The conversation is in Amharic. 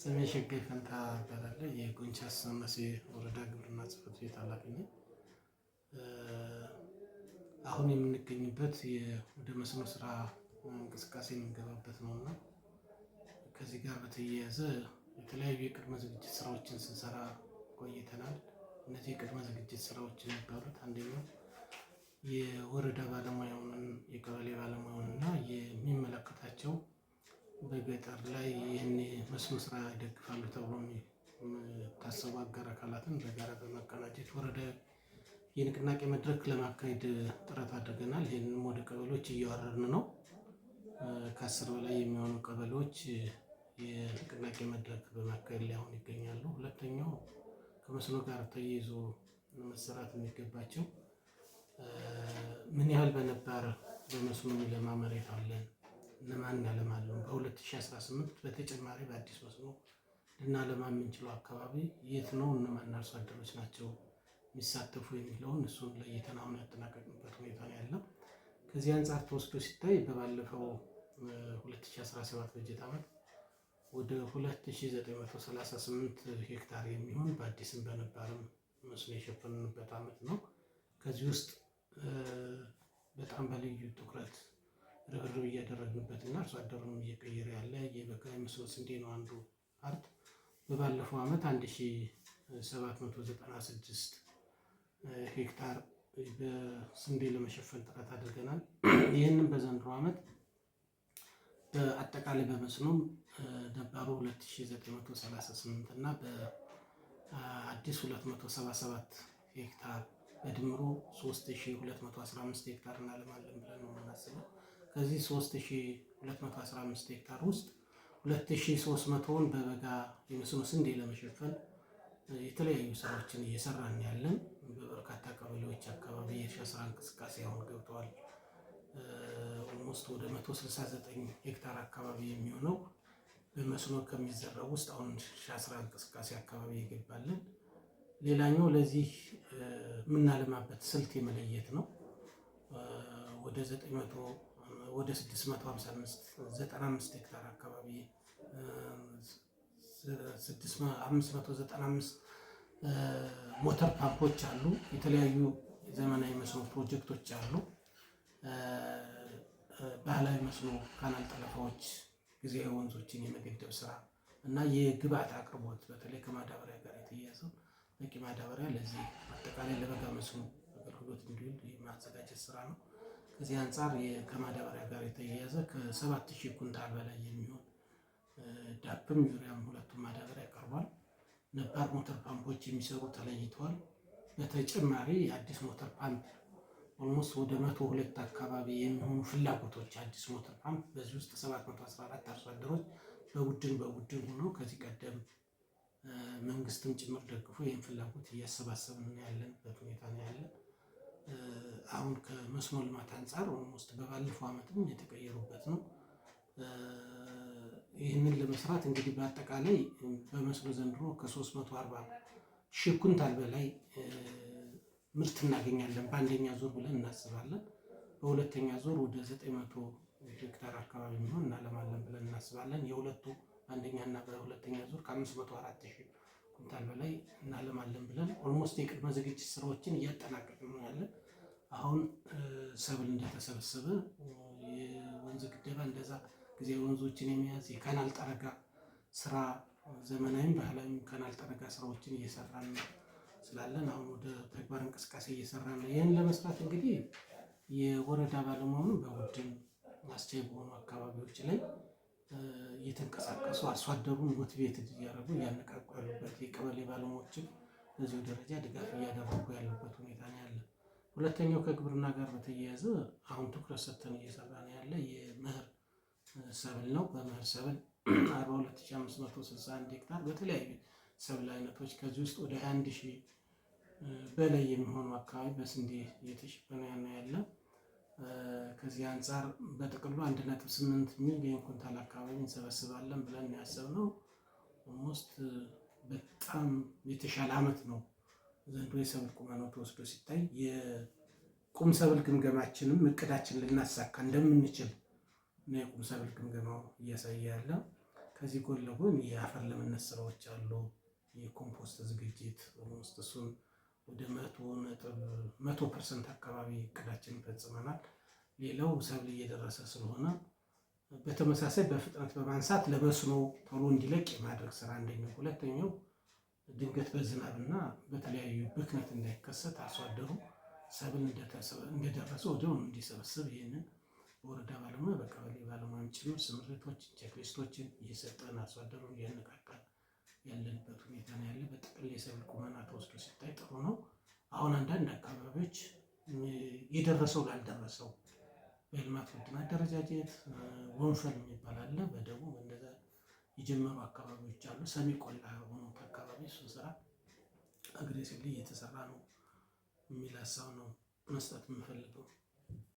ስሜ ሸጋይ ፈንታ እባላለሁ። የጎንቻ አሳማሴ ወረዳ ግብርና ጽሕፈት ቤት ኃላፊ ነኝ። አሁን የምንገኝበት ወደ መስኖ ስራ እንቅስቃሴ የምንገባበት ነው እና ከዚህ ጋር በተያያዘ የተለያዩ የቅድመ ዝግጅት ስራዎችን ስንሰራ ቆይተናል። እነዚህ የቅድመ ዝግጅት ስራዎች የሚባሉት አንደኛው የወረዳ ባለሙያውን የቀበሌ ባለሙያውን እና የሚመለከታቸው በገጠር ላይ ይህን መስኖ ስራ ይደግፋሉ ተብሎ ታሰቡ አጋር አካላትን በጋራ በመቀናጀት ወረደ የንቅናቄ መድረክ ለማካሄድ ጥረት አድርገናል። ይህንም ወደ ቀበሌዎች እያወረድን ነው። ከአስር በላይ የሚሆኑ ቀበሌዎች የንቅናቄ መድረክ በማካሄድ ላይ አሁን ይገኛሉ። ሁለተኛው ከመስኖ ጋር ተያይዞ መሰራት የሚገባቸው ምን ያህል በነባር በመስኖ የሚለማ መሬት አለን ለማና ለማለም በ2018 በተጨማሪ በአዲስ መስኖ ልናለማ የምንችለው አካባቢ የት ነው፣ እነማን አርሶ አደሮች ናቸው የሚሳተፉ የሚለውን እሱን ለይተን አሁን ያጠናቀቅንበት ሁኔታ ነው ያለው። ከዚህ አንጻር ተወስዶ ሲታይ በባለፈው 2017 በጀት ዓመት ወደ 2938 ሄክታር የሚሆን በአዲስም በነባርም መስኖ የሸፈንበት ዓመት ነው። ከዚህ ውስጥ በጣም በልዩ ትኩረት ርብርብ እያደረግንበት እና እርሶ አደሩንም እየቀየረ ያለ የበቀለ መስኖ ስንዴ ነው አንዱ ፓርት በባለፈው ዓመት 1796 ሄክታር በስንዴ ለመሸፈን ጥረት አድርገናል። ይህንም በዘንድሮ ዓመት በአጠቃላይ በመስኖም ነባሩ 2938 እና በአዲስ 277 ሄክታር በድምሩ 3215 ሄክታር እናለማለን ብለን ነው የምናስበው። ከዚህ 3215 ሄክታር ውስጥ 2300ውን በበጋ የመስኖ ስንዴ ለመሸፈን የተለያዩ ስራዎችን እየሰራን ያለን። በበርካታ ቀበሌዎች አካባቢ የእርሻ ስራ እንቅስቃሴ አሁን ገብተዋል። ኦልሞስት ወደ 169 ሄክታር አካባቢ የሚሆነው በመስኖ ከሚዘራው ውስጥ አሁን እርሻ ስራ እንቅስቃሴ አካባቢ ይገባለን። ሌላኛው ለዚህ የምናለማበት ስልት የመለየት ነው። ወደ 900 ወደ 655 ሄክታር አካባቢ 595 ሞተር ፓምፖች አሉ። የተለያዩ ዘመናዊ መስኖ ፕሮጀክቶች አሉ። ባህላዊ መስኖ ካናል ጠለፋዎች፣ ጊዜያዊ ወንዞችን የመገደብ ስራ እና የግብአት አቅርቦት በተለይ ከማዳበሪያ ጋር የተያያዘው በቂ ማዳበሪያ ለዚህ አጠቃላይ ለበጋ መስኖ አገልግሎት እንዲውል የማዘጋጀት ስራ ነው። እዚህ አንጻር ከማዳበሪያ ጋር የተያያዘ ከሰባት ሺህ ኩንታል በላይ የሚሆን ዳፕም ዩሪያም ሁለቱም ማዳበሪያ ቀርቧል። ነባር ሞተር ፓምፖች የሚሰሩ ተለይተዋል። በተጨማሪ የአዲስ ሞተር ፓምፕ ኦልሞስት ወደ መቶ ሁለት አካባቢ የሚሆኑ ፍላጎቶች አዲስ ሞተር ፓምፕ በዚህ ውስጥ 714 አርሶ አደሮች በቡድን በቡድን ሆኖ ከዚህ ቀደም መንግስትም ጭምር ደግፎ ይህን ፍላጎት እያሰባሰብን ያለንበት ሁኔታ ነው ያለን። አሁን ከመስኖ ልማት አንጻር ኦልሞስት በባለፈው ዓመትም የተቀየሩበት ነው። ይህንን ለመስራት እንግዲህ በአጠቃላይ በመስኖ ዘንድሮ ከ340 ሺህ ኩንታል በላይ ምርት እናገኛለን በአንደኛ ዙር ብለን እናስባለን። በሁለተኛ ዙር ወደ 900 ሄክታር አካባቢ የሚሆን እናለማለን ብለን እናስባለን። የሁለቱ አንደኛ አንደኛና በሁለተኛ ዙር ከ504 ሺህ ኩንታል በላይ እናለማለን ብለን ኦልሞስት የቅድመ ዝግጅት ስራዎችን እያጠናቀቅን ነው ያለን። አሁን ሰብል እንደተሰበሰበ የወንዝ ግደባ እንደዛ ጊዜ ወንዞችን የሚያዝ የካናል ጠረጋ ስራ ዘመናዊም ባህላዊም ካናል ጠረጋ ስራዎችን እየሰራን ስላለን አሁን ወደ ተግባር እንቅስቃሴ እየሰራን ነው። ይህን ለመስራት እንግዲህ የወረዳ ባለመሆኑ በቡድን ማስቻይ በሆኑ አካባቢዎች ላይ እየተንቀሳቀሱ አርሶ አደሩን ሞቲቬትድ እያደረጉ እያነቃቁ ያሉበት የቀበሌ ባለሙያዎችም በዚሁ ደረጃ ድጋፍ እያደረጉ ያሉበት ሁኔታ ነው ያለ። ሁለተኛው ከግብርና ጋር በተያያዘ አሁን ትኩረት ሰጥተን እየሰራ ነው ያለ የምህር ሰብል ነው። በምህር ሰብል 42561 ሄክታር በተለያዩ ሰብል አይነቶች ከዚህ ውስጥ ወደ 21 ሺህ በላይ የሚሆኑ አካባቢ በስንዴ እየተሸፈነ ያለ ከዚህ አንጻር በጥቅሉ 1.8 ሚሊዮን ኩንታል አካባቢ እንሰበስባለን ብለን ነው ያሰብነው። ኦልሞስት በጣም የተሻለ ዓመት ነው ዘንድሮ የሰብል ቁመናው ተወስዶ ሲታይ። የቁም ሰብል ግምገማችንም እቅዳችን ልናሳካ እንደምንችል ነው የቁም ሰብል ግምገማው እያሳየ ያለ። ከዚህ ጎን ለጎን የአፈር ለምነት ስራዎች አሉ፣ የኮምፖስት ዝግጅት ኦልሞስት እሱን ወደ መቶ ፐርሰንት አካባቢ እቅዳችን ፈጽመናል። ሌላው ሰብል እየደረሰ ስለሆነ በተመሳሳይ በፍጥነት በማንሳት ለመስኖ ቶሎ እንዲለቅ የማድረግ ስራ አንደኛው። ሁለተኛው ድንገት በዝናብና በተለያዩ ብክነት እንዳይከሰት አርሶ አደሩ ሰብል እንደደረሰ ወዲያውኑ እንዲሰበስብ ይህንን በወረዳ ባለሙያ በቀበሌ ባለሙያም ጭምር ስምሪቶችን፣ ቼክሊስቶችን እየሰጠን አርሶ አደሩን እያነቃቃን ያለንበት ሁኔታ ነው ያለ። ጥቅል የሰብል ቁመና ተወስዶ ሲታይ ጥሩ ነው። አሁን አንዳንድ አካባቢዎች የደረሰው ላልደረሰው በልማት ውድ ማደረጃጀት ወንፈል የሚባል አለ። በደቡብ እንደዛ የጀመሩ አካባቢዎች አሉ። ሰሚ ቆላ የሆኑት አካባቢ እሱ ስራ አግሬሲቭሊ እየተሰራ ነው የሚል ሀሳብ ነው መስጠት የምፈልገው።